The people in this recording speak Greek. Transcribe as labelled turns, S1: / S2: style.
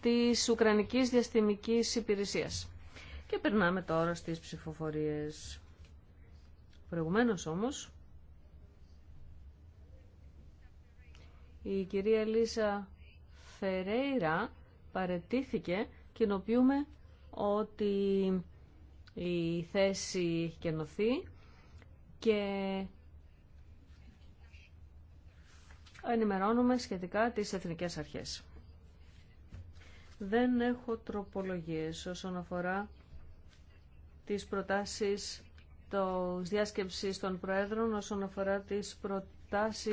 S1: της Ουκρανικής Διαστημικής Υπηρεσίας. Και περνάμε τώρα στις ψηφοφορίες. Προηγουμένως όμως, η κυρία Λίσα Φερέιρα παρετήθηκε. Κοινοποιούμε ότι η θέση έχει κενωθεί και ενημερώνουμε σχετικά τις εθνικές αρχές. Δεν έχω τροπολογίες όσον αφορά τις προτάσεις της διάσκεψης των Προέδρων, όσον αφορά τις
S2: προτάσεις